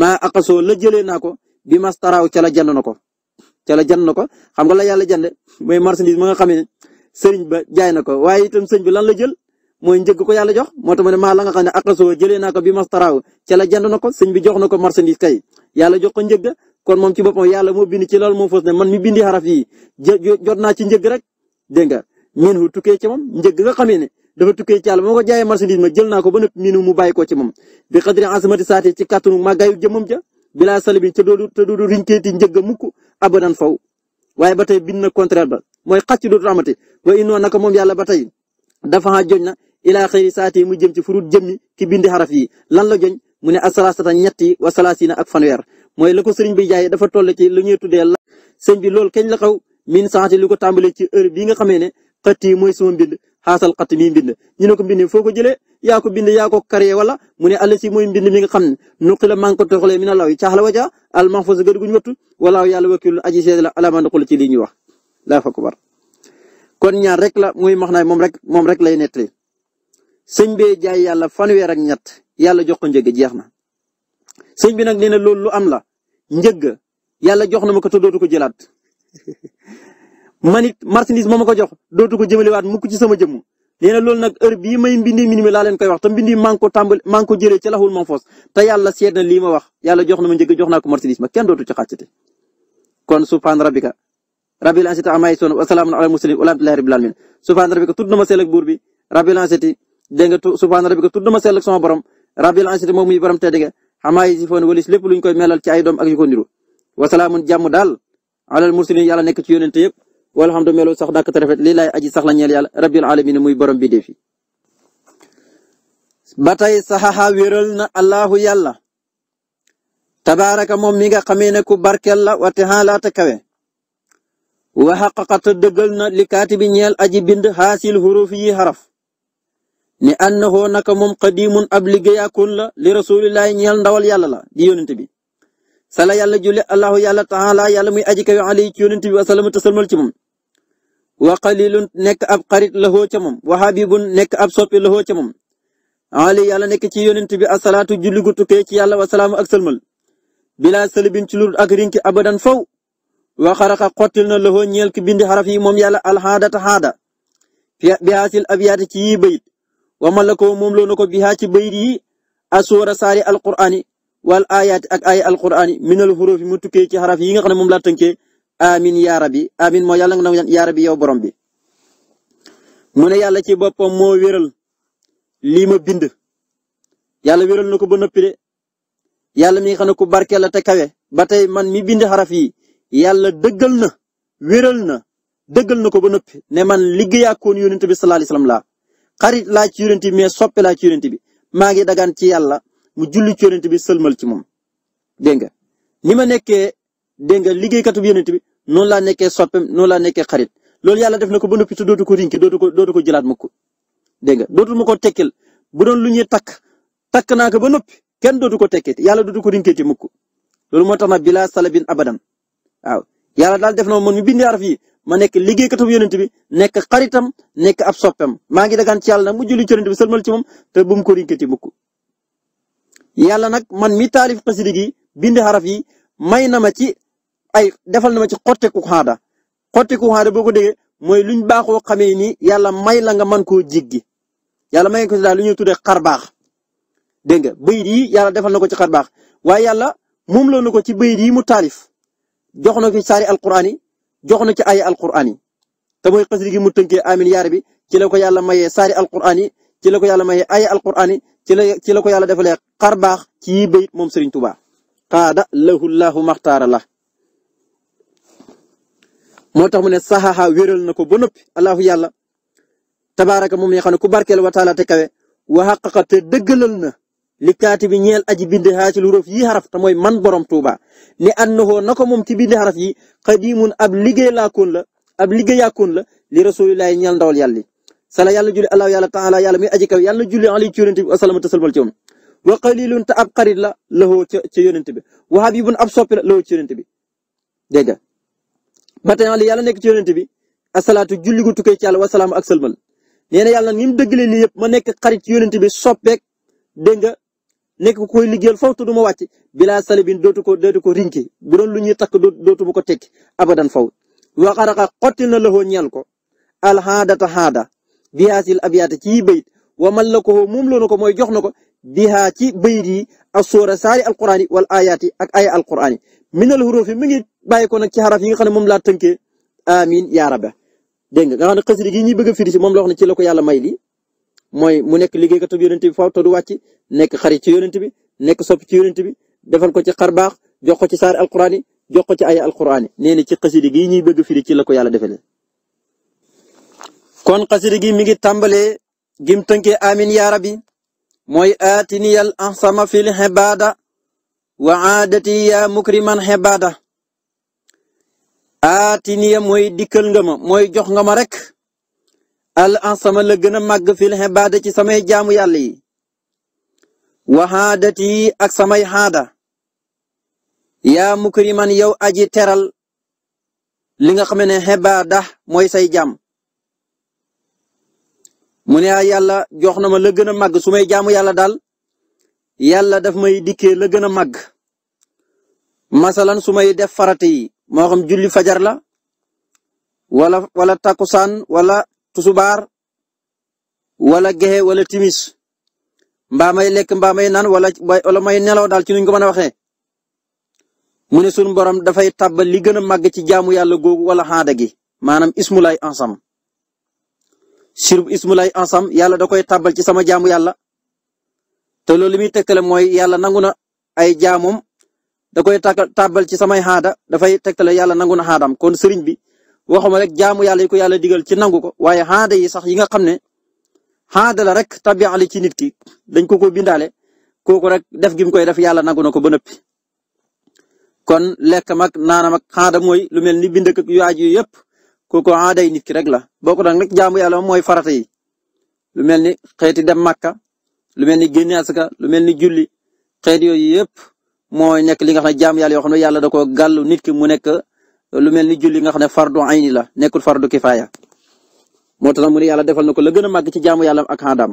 Speaker 1: maa aqasoo la jëlee naa ko bi mas taraaw ca la jënd na ko. ca la jënd na ko xam nga la yàlla jënd mooy marchandise ma nga xam ne sëriñ ba jaay na ko waaye itam sëriñ bi lan la jël mooy njëg ko yàlla jox moo tax ma ne maa la nga xam ne aqasoo naa ko bi mas taraaw ca la jënd na ko sëriñ bi jox na ko marchandise kay yàlla jox ko njëg kon moom ci boppam yàlla mo bind ci loolu moom foos ne man mi bindi xaraf yi jot ci njëg rek dégg nga miinu tukkee ci moom njëg nga xamee ne dafa tukkee ci yàlla moo ko jaayee marchandise ma jël naa ko ba nëpp miinu mu bàyyi ko ci moom bi xadri asamati saati ci kàttanu màggaayu jëmmam ja bilaa salibin ca doodu te doodu rinkeeti njëg abadan faw waaye ba tey bind na contraire ba mooy xàcc dootul amati waaye inoo naka moom yàlla ba tey dafa joñ na ilaa xëyri saati mu jëm ci furut jëmmi ki bindi xaraf yi lan la joñ mu ne asalaasata ñett yi wa salaasina ak fanweer mooy la ko bi jaay dafa toll ci lu ñuy tuddee la sëñ bi loolu kañ la xaw min saati lu ko tàmbalee ci heure bi nga xamee ne xët yi mooy sama mbind xaasal xat mi mbind ñu ko mbind foo ko jëlee yaa ko bind yaa ko karee wala mu ne àll si mooy mbind mi nga xam ne no la maa ngi ko toxalee mina law yi caax la waja al mahfuz gër guñ wattu walaaw yàlla wakilu aji seede la alama ndaqul ci li ñuy fa kubar kon ñaar rek la mooy max naay moom rek moom rek lay nettali sëñ bee jaay yàlla fanweer ak ñett yàlla jox ko njëg jeex na sëñ bi nag nee na lu am la njëgg yàlla jox na ma ko te dootu ko jëlaat (laughs) man it ko jox dootu ko jëmalewaat mukk ci sama jëmm nee na loolu nag heure bii may mbindi minimi laa leen koy wax ta mbindi maa ngi ko tàmbali maa ko jëlee ci laxul man foos te yàlla seet na ma wax yàlla jox na ma njëgg jox naa ko ma kenn dootu ci xàccate kon subhaan rabbika rabbil ansati amay son wa salaamun ala muslim alhamdulillahi rabbil alamin subhaan rabbika tudd na ma seel ak na ma seel ak sama borom rabbil ansati moom muy borom tedde amaa yi si foon walis lépp luñ koy melal ci ay doom ak yu ko daal alal mursalin yàlla nekk ci yonente yëpp walhamdu melo sax dàkk te rafet lii laay aji sax ñeel yàlla rabbil alamin muy borom bi defi ba tey saxaxa wéral allahu yàlla tabaaraka moom mi nga xamee ne ku barkel la wa taala te kawe wa xaqaqat dëggal na li kaati ñeel aji bind xaasil huruf yi xaraf ni annahu naka moom qadimun ab liggéeyaakoon la li rasulillahi ñeel ndawal yàlla la di yonent bi sala yàlla julli allahu yàlla taala yàlla muy aji kawe ali ci yonent bi wasalama te salmal ci moom wa qalilun nekk ab xarit lahoo ca moom wa habibun nekk ab soppi lahoo ca moom ali yàlla nekk ci yonent bi asalaatu julli gu tukkee ci yàlla wasalaamu ak salmal bila salbin ci lur ak rinki abadan faw wa xaraqa xottil na lahoo ñeel ki bindi xaraf yi moom yàlla alxaadata xaada bi haasil ci yi bayit wamal la ko moom loo na ko bihaa ci bayit yi asuwara saari alqur'ani wal ayaati ak ay alqur'ani minal xurufi mu tukkee ci xaraf yi nga xam ne moom laa tënkee amin yaa rabbi amin moo yàlla nga nangu ñaan yaa rabbi borom bi ne yàlla ci boppam moo wéral lii bind yàlla wéral na ko ba noppi yàlla mi nga xam ne ku barkeel te kawe ba tey man mi bind xaraf yi yàlla dëggal na wéral na na ko ba noppi ne man liggéeyaakoon yonent bi sallallahu alayhi wasallam xarit laa ci yonent bi mais soppe laa ci yonent bi maa ngi dagaan ci yàlla mu julli ci yonent ci moom dégg nga ni ma nekkee dégg nga liggéeykatu bi yonent bi noonu laa nekkee soppem noonu laa nekkee xarit loolu yàlla def na ko ba noppi te ko rinki dootu ko dootu ko jëlaat mukk dégg nga dootul ma ko tekkil bu doon lu ñuy takk takk naa ko ba noppi kenn dootu ko tekkee yàlla dootu ko rinkeeti mukk loolu moo tax na bilaa salabin abadan waaw yàlla daal def na mi bind araf ma nekk liggéeykatam yonent bi nekk xaritam nekk ab soppem maa ngi dagaan ci yàlla nag mu julli ci yonent bi sëlmal ci moom te bu mu ko rinkati mukk yàlla nag man mi taalif xasida gi bind xaraf yi may na ma ci ay defal na ma ci xotteeku xaada xotteeku xaada boo ko déggee mooy luñ baaxoo xamee ni yàlla may la nga man koo jéggi yàlla may ko ci daal lu ñuy tuddee xar baax dégg nga bayit yi yàlla defal na ko ci xar baax waaye yàlla moom loo na ko ci bayit yi mu taalif jox na ko ci saari yi jox na ci ay alquran yi te mooy xasida mu tënkee amin yaar bi ci la ko yàlla mayee saari alquran yi ko yàlla maye ay alquran yi ci la ci la ko yàlla defalee xar baax ci yi bayit moom Serigne Touba. qaada lahu llahu maxtaara la tax mu ne saxaaxa wéral na ko ba noppi allahu yàlla tabaaraka moom la ñu xam ne ku barkeel wa taala te kawe wa xaqaqa te dëggalal na. li kaati bi ñeel aji bind xaa lu rëf yi xaraf te mooy man borom Touba ne annahu na ko moom ci bind xaraf yi xadimun ab liggéey laakoon la ab liggéey yaakoon la li rasulillahi ñeel ndawal yàlla sala yàlla julli allahu yàlla taala yàlla muy aji kaw yàlla julli ali ci yonente bi wasalaama te salmal ci moom wa qalilun te ab xarit la lahoo ca ca yonente bi wa habibun ab soppi la lahoo ci yonente bi dégg nga ba yàlla nekk ci yonente bi asalaatu julli gu tukkee ci yàlla ak salmal nee na yàlla ni mu ma nekk xarit ci yonente bi soppeek dégg nekk ko koy liggéeyal faw te du ma wàcc bilaa salibin dootu ko dootu ko rinki bu lu ñuy takk dootu bu ko tekki abadan faw waxaraxa xottil na loxo ñeel ko alxaadata xaada bihaasil abiyaata ci bayit wa man la ko moom loo ko mooy jox na ko bihaa ci bayit yi asóora saari alquraan yi wal ayaati ak aya alquraan yi minal xuruuf yi mi ngi bàyyi ko nag ci xaraf yi nga xam ne moom laa tënkee amin yaa rabba dégg nga nga xam ne xasida gi ñuy si moom la wax ne ci la ko yàlla may li mooy mu nekk liggéeykatub yonent bi faaw te du wàcc nekk xarit ci yonent bi nekk sop ci yonent bi defal ko ci xar baax jox ko ci saar alquran yi ko ci ay alquran yi nee na ci xasida gi ñuy bëgg firi ci la ko yàlla defale kon xasida gi mi ngi tàmbalee gim tënkee amin yaa mooy aatiniyal ahsama fil xibaada wa aadati yaa mukriman xibaada aatiniya mooy dikkal nga ma mooy jox nga ma rek al ansama la gën a màgg fil xibaada ci samay jaamu yàlla yi wa ak samay xaada yaa mukriman yow aji teral li nga xam ne mooy say jaam mu ne yàlla jox na ma la gën a màgg su may jaamu yàlla daal yàlla daf may dikkee la gën a màgg masalan su may def farata yi moo xam la wala wala takkusaan wala tusubaar wala gexe wala timis mbaa may lekk mbaa may naan wala wala may nelaw daal ci nuñ ko mën a waxee mu ne sunu borom dafay tàbbal li gën a màgg ci jaamu yàlla googu wala xaada gi maanaam ismulay ansam sirub ismulay ansam yàlla da koy tàbbal ci sama jaamu yàlla te loolu li muy tegtale mooy yàlla nangu na ay jaamom da koy tàbbal ci samay xaada dafay tegtale yàlla nangu na xaadam kon sëriñ bi waxuma rek jaamu yàlla yi ko yàlla digal ci nangu ko waaye xaada yi sax yi nga xam ne xaada la rek tabiali ci nit ki dañ ko ko bindaale kooku rek def gi mu koy def yàlla nangu na ko ba nëppi kon lekk mag naanam ak xaada mooy lu mel ni bind ak yu aaj yu yëpp kooku xaada yi nit ki rek la bokk nag nag jaamu yàlla mooy farata yi lu mel ni xeeti dem màkka lu mel ni génne asaka lu mel ni juli xeet yooyu yëpp mooy nekk li nga xam ne jaamu yàlla yoo xam ne yàlla da koo gàllu nit ki mu nekk lu mel ni julli nga xam ne fardu ayni la nekkul fardu kifaaya moo tax mu ne yàlla defal na ko la gën màgg ci jaamu yàlla ak xaadam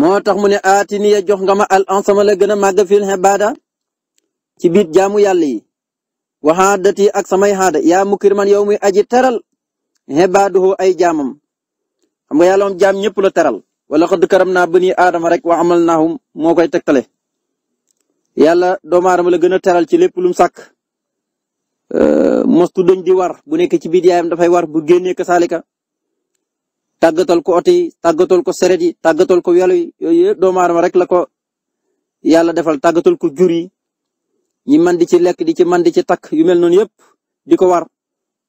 Speaker 1: moo tax mu ne aati jox nga ma al ansama la gën a màgg fil ibaada ci biir jaamu yàlla yi wa xaadati ak samay xaada yaa mukirman yow muy aji teral ibaaduhu ay jaamam xam nga yàlla moom jaam la teral wala xad karam naa bani aadama rek wa amal naahum moo koy tegtale yàlla doomu teral ci lépp lu Euh, mostu dëñ di war bu nekk ci bidiyaayam dafay war bu génnee kasaalika tàggatal ko oto yi tàggatal ko seret yi tàggatal ko welo yi rek la ko yàlla defal tàggatal ku jur yi ñi man di ci lekk di ci man di ci takk yu mel noonu yëpp di ko war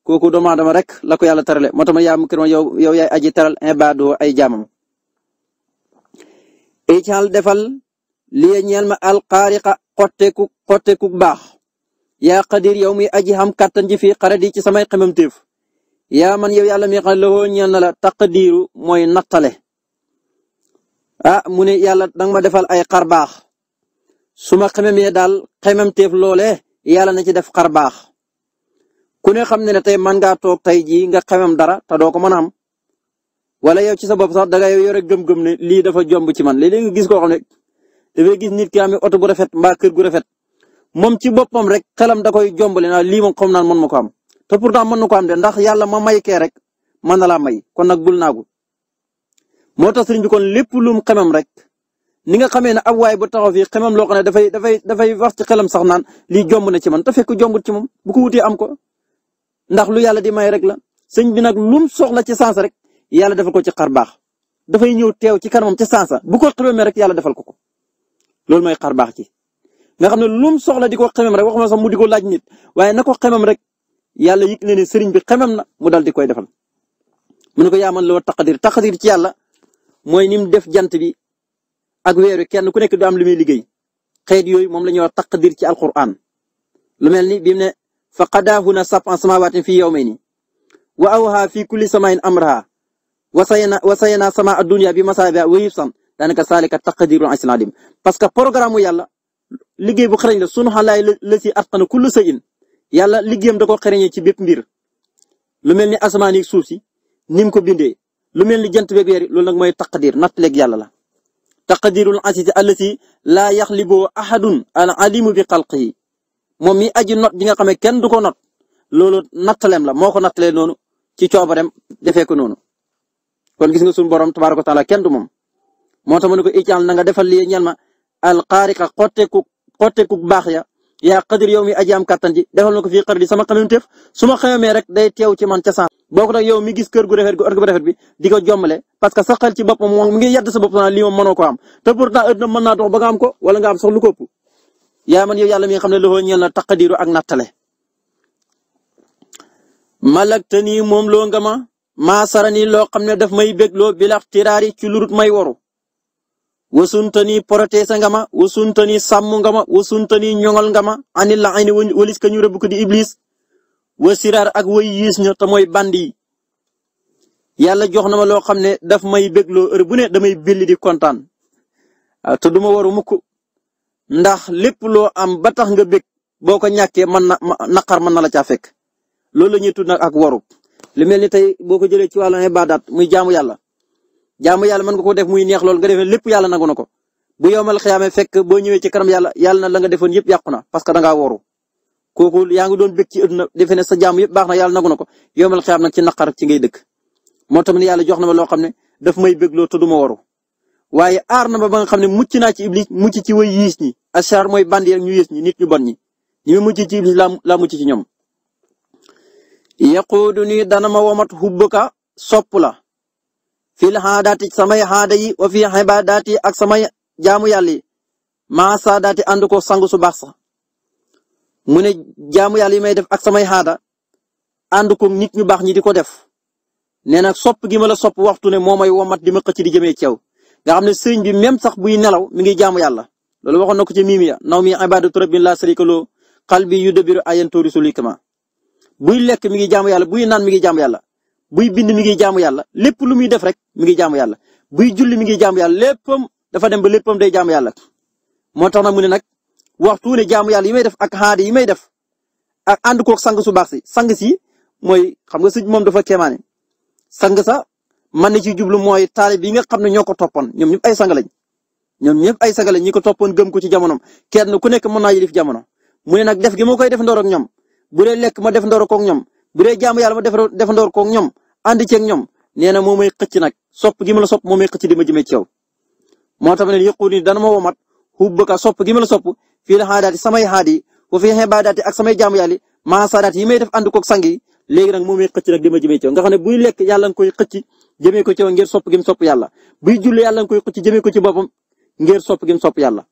Speaker 1: kooku doomu aadama rek la ko yàlla terale moo tax ma yaa mu kër yow yow yaay aji teral ibaadu ay jaamam. icaal defal li ñeel ma alqaariqa xotteeku xotteeku baax. yaa xadir yow mi aji xam kàttan ji fi xarat di ci samay xemamteef yaa man yow yàlla mi xam lawoo ñeel na la taqdiiru mooy nattale ah mu ne yàlla danga ma defal ay xar baax su ma xemamee daal xemamteef loole yàlla na ci def xar baax ku ne xam ne ne tey mën ngaa toog tey jii nga xemam dara te doo ko mën a am wala yow ci sa bopp sax danga yow yore gëm-gëm ne lii dafa jomb ci man léeg-léeg nga gis koo xam ne dafay gis nit ki amee oto bu rafet mbaa kër gu rafet moom ci boppam rek xelam da koy jombale naa lii moom xam naan mën ma ko am te pourtant mën na ko am de ndax yàlla ma may kee rek man na laa may kon nag bul naagu moo tax sëriñ bi kon lépp lum mu rek ni nga xamee ne ab waay bu taxaw fii xamam loo xam ne dafay dafay dafay wax ci xelam sax naan li jomb na ci man te fekk jombut ci moom bu ko wutee am ko ndax lu yàlla di may rek la sëñ bi nag lum soxla ci sens rek yàlla defal ko ci xar baax dafay ñëw teew ci kanamam ci sansa bu ko xamee rek yàlla defal ko ko loolu mooy xar baax ci nga xam ne lu mu soxla di ko xemem rek waxuma sax mu di ko laaj nit waaye na ko xemem rek yàlla yëg na ne sëriñ bi xemem na mu dal di koy defal. mun ne ko yaa man loo taqadir taqadir ci yàlla mooy ni mu def jant bi ak weer wi kenn ku nekk di am lu muy liggéey xeet yooyu moom la ñuy wax taqadir ci alquran lu mel ni bi mu ne fa qadaahunna sab'a samaawatin fi yawmayni wa awhaa fi kulli samaain amrahaa wa sayna wa sayna samaa ad-dunya bi masaabiha wa hifsan daanaka saalika taqdirul asiiz al-aliim parce liggéey bu xarañ la sunu xalaay la ci atqana kullu shay'in yàlla liggéeyam da ko xarañee ci bépp mbir lu mel ni asamaan yi suuf si ni mu ko bindee lu mel ni jant beeg weer yi loolu nag mooy taqdir nattaleeg yàlla la taqdirul asiisi allati laa yaxlibu ahadun al alimu bi xalqihi moom mi aji not bi nga xam ne kenn du ko not loolu nattaleem la moo ko nattalee noonu ci coobareem defee ko noonu kon gis nga sunu borom tabaaraka taala kenn du moom moo tax ma ne alxaariqa xotteeku xotteeku baax ya yaa xadir yow mi aji am kattan ji defal na ko fii xar sama xamamteef su ma xamamee rek day teew ci man ca sens boo ko nag yow mi gis kër gu rafet gu ëtt gu bi di ko jommale parce que sa xel ci boppam moom mu ngi yedd sa bopp naa lii moom mënoo ko am te pourtant ëtt na mën naa dox am ko wala nga am sax lu ko ëpp yaa man yàlla mi xam ne loxo ñeel na taqadiru ak nattale malak te nii moom loo nga ma maa sara nii loo xam ne daf may bég loo bilax tiraari ci lurut may waru wasuntani protésé nga ma wasuntani sàmm nga ma wasuntani ñoŋal nga ma ani la ay ni walis ka ñu rëbb ko di iblis wasiraar ak way yiis ña te mooy band yi yàlla jox na ma loo xam ne daf may bégloo heure bu ne damay belli di kontaan ah, te duma waru mukk ndax lépp loo am ba tax nga bég boo ko ñàkkee mën na naqar mën na la caa fekk loolu la ñuy tudd ak waru li mel ni tey boo ko jëlee ci wàllu ibaadaat muy jaamu yàlla jaamu yàlla mën nga ko def muy neex lool nga defee lépp yàlla nangu na ko bu yowmal xiyaame fekk boo ñëwee ci kanam yàlla yàlla na la nga defoon yëpp yàqu na parce que da ngaa wóoru yaa ngi doon bëgg ci àdduna defe ne sa jaamu yëpp baax na yàlla nangu na ko yowmal xiyaam nag ci naqar ci ngay dëkk moo tamit ne yàlla jox na ma loo xam ne daf may bégloo te du ma waru waaye aar na ba ba nga xam ne mucc naa ci iblis mucc ci way yiis ñi achar mooy bandi rek ñu yiis ñi nit ñu bon ñi ñi mucc ci iblis laa laa mucc ci ñoom yaquudu ni dana ma womat hubbuka sopp la fil xaadaati samay xaada yi wa fi xibaadaati ak samay jamu yàlla yi sa saadaati ànd ko sangu su baax sax mu ne jaamu yi may def ak samay xaada ànd ko nit ñu baax ñi di ko def nee na sopp gi ma la sopp waxtu ne moo may womat di ma xëcc di jëmee ci nga xam ne sëriñ bi même sax buy nelaw mi ngi jaamu yàlla loolu waxoon na ko ci miimiya naw mi ibaadatu rabbin laa sharika lahu qalbi yudabbiru ayantu rusuli kama buy lekk mi ngi jaamu yàlla buy naan mi ngi jaamu yàlla buy bind mi ngi jaamu yàlla lépp lu muy def rek mi ngi jaamu yàlla buy julli mi ngi jaamu yàlla léppam dafa dem ba léppam day jaamu yàlla. moo tax nag mu ne nag waxtu ne jaamu yàlla yi may def ak xaadi yi may def ak ànd koog sang su baax si sang si mooy xam nga sëñ moom dafa kéemaane sang sa man na ci jublu mooy taalib yi nga xam ne ñoo ko toppoon ñoom ñëpp ay sang lañ ñoom ñëpp ay sang lañ ñi ko toppoon gëm ko ci jamonoom kenn ku nekk mën naa yilif jamono mu ne nag def gi ma koy def ndoor bu dee ma def ndoor koog ñoom bu dee yàlla ma def ndoor koog ñoom ànd ceeg ñoom nee na moo may xëcc nag sop gi ma la sopp moo may xëcc di ma jëmee ci yow moo tax ne yëqu ni dana ma womat xubbaka sopp gi ma la sopp fii la xaadaati samay xaad yi wa fii xibaadaati ak samay jaamu yàlla maa sa yi may def ànd koog sang yi léegi nag moo may xëcc nag di ma jëmee ci yow nga xam ne buy lekk yàlla koy xëcc jëmee ko ci yow ngir sopp gi mu sopp yàlla buy julli yàlla nga koy xëcc jëmee ko ci boppam ngir sop gi mu sopp yàlla